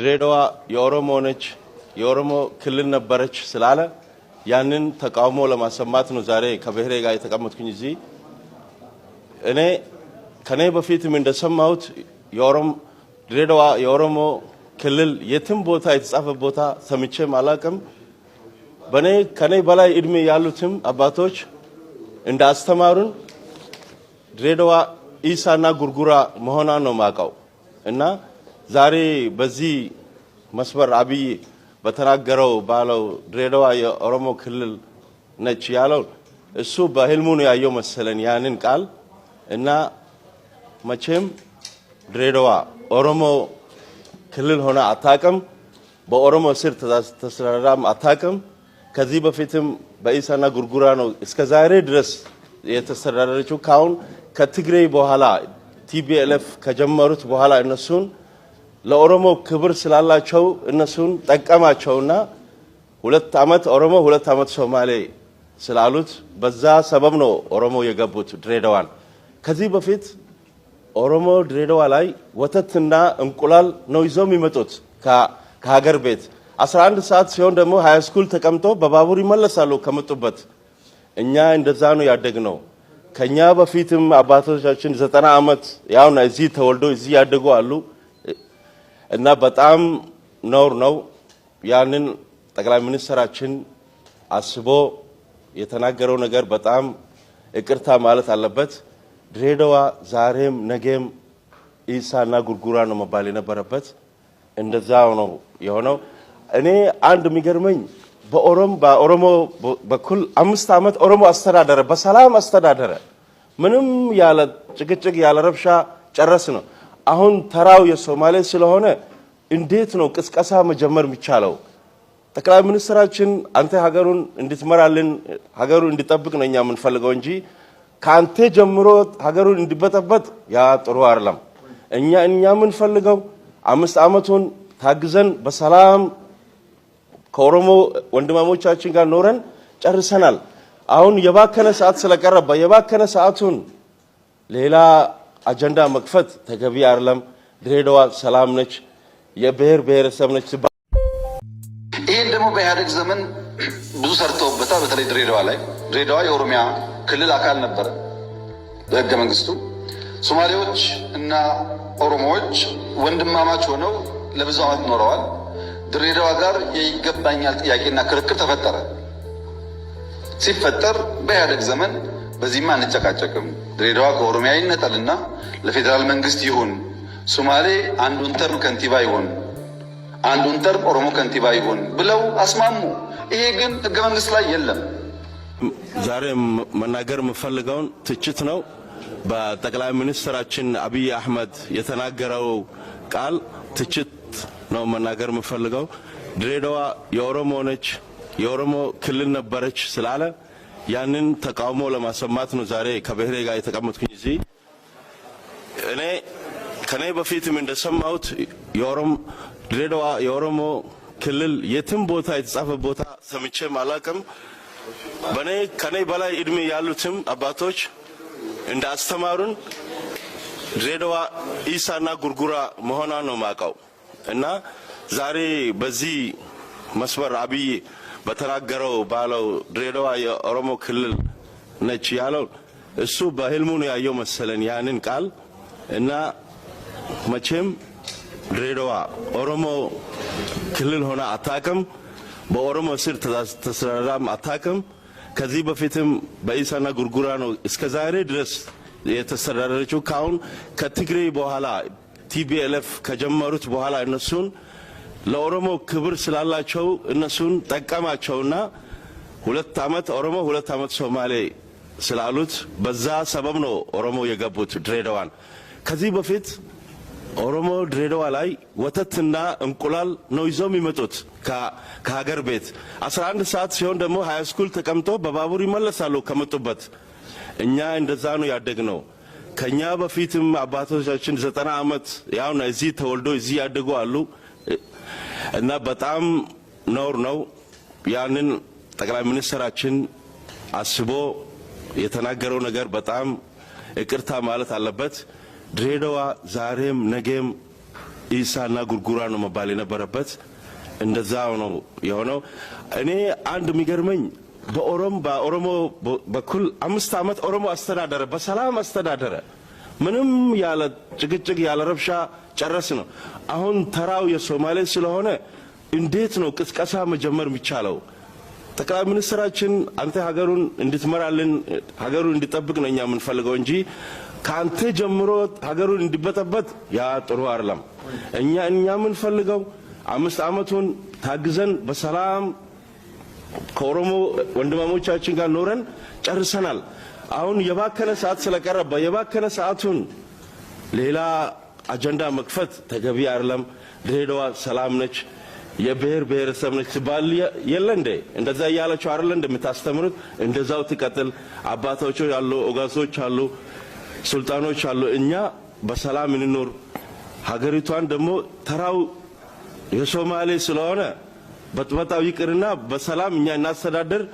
ድሬዳዋ የኦሮሞ ነች፣ የኦሮሞ ክልል ነበረች ስላለ ያንን ተቃውሞ ለማሰማት ነው ዛሬ ከብሔሬ ጋር የተቀመጥኩኝ እዚህ። እኔ ከኔ በፊትም እንደሰማሁት ድሬዳዋ የኦሮሞ ክልል የትም ቦታ የተጻፈ ቦታ ሰምቼም አላቅም። በኔ ከኔ በላይ እድሜ ያሉትም አባቶች እንደ አስተማሩን ድሬዳዋ ኢሳና ጉርጉራ መሆኗን ነው ማውቀው እና ዛሬ በዚህ መስመር አብይ በተናገረው ባለው ድሬዳዋ የኦሮሞ ክልል ነች ያለው እሱ በህልሙ ነው ያየው መሰለን ያንን ቃል እና መቼም ድሬዳዋ ኦሮሞ ክልል ሆነ አታቅም። በኦሮሞ ስር ተስተዳድራም አታቅም። ከዚህ በፊትም በኢሳና ጉርጉራ ነው እስከ ዛሬ ድረስ የተስተዳደረችው። ካሁን ከትግሬ በኋላ ቲቢኤልኤፍ ከጀመሩት በኋላ እነሱን ለኦሮሞ ክብር ስላላቸው እነሱን ጠቀማቸውና ሁለት ዓመት ኦሮሞ ሁለት ዓመት ሶማሌ ስላሉት በዛ ሰበብ ነው ኦሮሞ የገቡት ድሬዳዋን። ከዚህ በፊት ኦሮሞ ድሬዳዋ ላይ ወተትና እንቁላል ነው ይዘው የሚመጡት ከሀገር ቤት 11 ሰዓት ሲሆን ደግሞ ሃይስኩል ተቀምጦ በባቡር ይመለሳሉ ከመጡበት። እኛ እንደዛ ነው ነው። ከኛ በፊትም አባቶቻችን ዘጠና ዓመት ያውና እዚህ ተወልዶ እዚህ ያደጉ አሉ። እና በጣም ነውር ነው። ያንን ጠቅላይ ሚኒስትራችን አስቦ የተናገረው ነገር በጣም ይቅርታ ማለት አለበት። ድሬዳዋ ዛሬም ነገም ኢሳና ጉርጉራ ነው መባል የነበረበት እንደዛ ነው የሆነው። እኔ አንድ የሚገርመኝ በኦሮሞ በኩል አምስት ዓመት ኦሮሞ አስተዳደረ፣ በሰላም አስተዳደረ፣ ምንም ያለ ጭቅጭቅ ያለ ረብሻ ጨረስ ነው። አሁን ተራው የሶማሌ ስለሆነ እንዴት ነው ቅስቀሳ መጀመር የሚቻለው? ጠቅላይ ሚኒስትራችን አንተ ሀገሩን እንድትመራልን ሀገሩን እንድጠብቅ ነው እኛ የምንፈልገው እንጂ ከአንተ ጀምሮ ሀገሩን እንዲበጠበጥ ያ ጥሩ አይደለም። እኛ እኛ የምንፈልገው አምስት ዓመቱን ታግዘን በሰላም ከኦሮሞ ወንድማሞቻችን ጋር ኖረን ጨርሰናል። አሁን የባከነ ሰዓት ስለቀረባ የባከነ ሰዓቱን ሌላ አጀንዳ መክፈት ተገቢ አይደለም። ድሬዳዋ ሰላም ነች፣ የብሔር ብሔረሰብ ነች። ይህን ደግሞ በኢህአዴግ ዘመን ብዙ ሰርተውበታል። በተለይ ድሬዳዋ ላይ ድሬዳዋ የኦሮሚያ ክልል አካል ነበረ በህገ መንግስቱ። ሶማሌዎች እና ኦሮሞዎች ወንድማማች ሆነው ለብዙ ዓመት ኖረዋል። ድሬዳዋ ጋር የይገባኛል ጥያቄና ክርክር ተፈጠረ። ሲፈጠር በኢህአዴግ ዘመን በዚህማ አንጨቃጨቅም። ድሬዳዋ ከኦሮሚያ ይነጠልና ለፌዴራል መንግስት ይሁን፣ ሶማሌ አንዱን ተርም ከንቲባ ይሁን፣ አንዱን ተርም ኦሮሞ ከንቲባ ይሁን ብለው አስማሙ። ይሄ ግን ህገ መንግስት ላይ የለም። ዛሬ መናገር የምፈልገውን ትችት ነው። በጠቅላይ ሚኒስትራችን አብይ አህመድ የተናገረው ቃል ትችት ነው መናገር የምፈልገው። ድሬዳዋ የኦሮሞ ነች፣ የኦሮሞ ክልል ነበረች ስላለ ያንን ተቃውሞ ለማሰማት ነው ዛሬ ከብሔሬ ጋር የተቀመጥኩኝ እዚህ። እኔ ከኔ በፊትም እንደሰማሁት ድሬዳዋ የኦሮሞ ክልል የትም ቦታ የተጻፈ ቦታ ሰምቼም አላቅም። በእኔ ከኔ በላይ እድሜ ያሉትም አባቶች እንደ አስተማሩን ድሬዳዋ ኢሳና ጉርጉራ መሆኗ ነው ማውቀው እና ዛሬ በዚህ መስመር አብይ በተናገረው ባለው ድሬዳዋ የኦሮሞ ክልል ነች ያለው እሱ በህልሙ ነው ያየው መሰለን ያንን ቃል እና መቼም ድሬዳዋ ኦሮሞ ክልል ሆነ አታቅም፣ በኦሮሞ ስር ተስተዳድራም አታቅም። ከዚህ በፊትም በኢሳና ጉርጉራ ነው እስከ ዛሬ ድረስ የተስተዳደረችው። ካሁን ከትግሬ በኋላ ቲቢኤልኤፍ ከጀመሩት በኋላ እነሱን ለኦሮሞ ክብር ስላላቸው እነሱን ጠቀማቸውና ሁለት አመት ኦሮሞ ሁለት ዓመት ሶማሌ ስላሉት በዛ ሰበብ ነው ኦሮሞ የገቡት ድሬዳዋን። ከዚህ በፊት ኦሮሞ ድሬዳዋ ላይ ወተትና እንቁላል ነው ይዘው የሚመጡት ከሀገር ቤት 11 ሰዓት ሲሆን ደግሞ ሀይ ስኩል ተቀምጦ በባቡር ይመለሳሉ ከመጡበት። እኛ እንደዛ ነው ያደግ ነው። ከእኛ በፊትም አባቶቻችን ዘጠና ዓመት ያው እዚህ ተወልዶ እዚህ ያደጉ አሉ። እና በጣም ነውር ነው። ያንን ጠቅላይ ሚኒስትራችን አስቦ የተናገረው ነገር በጣም ይቅርታ ማለት አለበት። ድሬዳዋ ዛሬም ነገም ኢሳና ጉርጉራ ነው መባል የነበረበት እንደዛ ነው የሆነው። እኔ አንድ የሚገርመኝ በኦሮም በኦሮሞ በኩል አምስት ዓመት ኦሮሞ አስተዳደረ፣ በሰላም አስተዳደረ። ምንም ያለ ጭቅጭቅ ያለ ረብሻ ጨረስ ነው። አሁን ተራው የሶማሌ ስለሆነ እንዴት ነው ቅስቀሳ መጀመር የሚቻለው? ጠቅላይ ሚኒስትራችን አንተ ሀገሩን እንድትመራልን ሀገሩን እንዲጠብቅ ነው እኛ የምንፈልገው እንጂ ከአንተ ጀምሮ ሀገሩን እንዲበጠበት ያ ጥሩ አይደለም። እኛ እኛ የምንፈልገው አምስት ዓመቱን ታግዘን በሰላም ከኦሮሞ ወንድማሞቻችን ጋር ኖረን ጨርሰናል። አሁን የባከነ ሰዓት ስለቀረበ የባከነ ሰዓቱን ሌላ አጀንዳ መክፈት ተገቢ አይደለም። ድሬዳዋ ሰላም ነች፣ የብሔር ብሔረሰብ ነች ሲባል የለ እንደ እንደዛ እያለችው አይደለ እንደምታስተምሩት፣ እንደዛው ትቀጥል። አባቶች አሉ፣ ኦጋሶች አሉ፣ ሱልጣኖች አሉ። እኛ በሰላም እንኖር። ሀገሪቷን ደግሞ ተራው የሶማሌ ስለሆነ በጥበጣው ይቅርና በሰላም እኛ እናስተዳደር።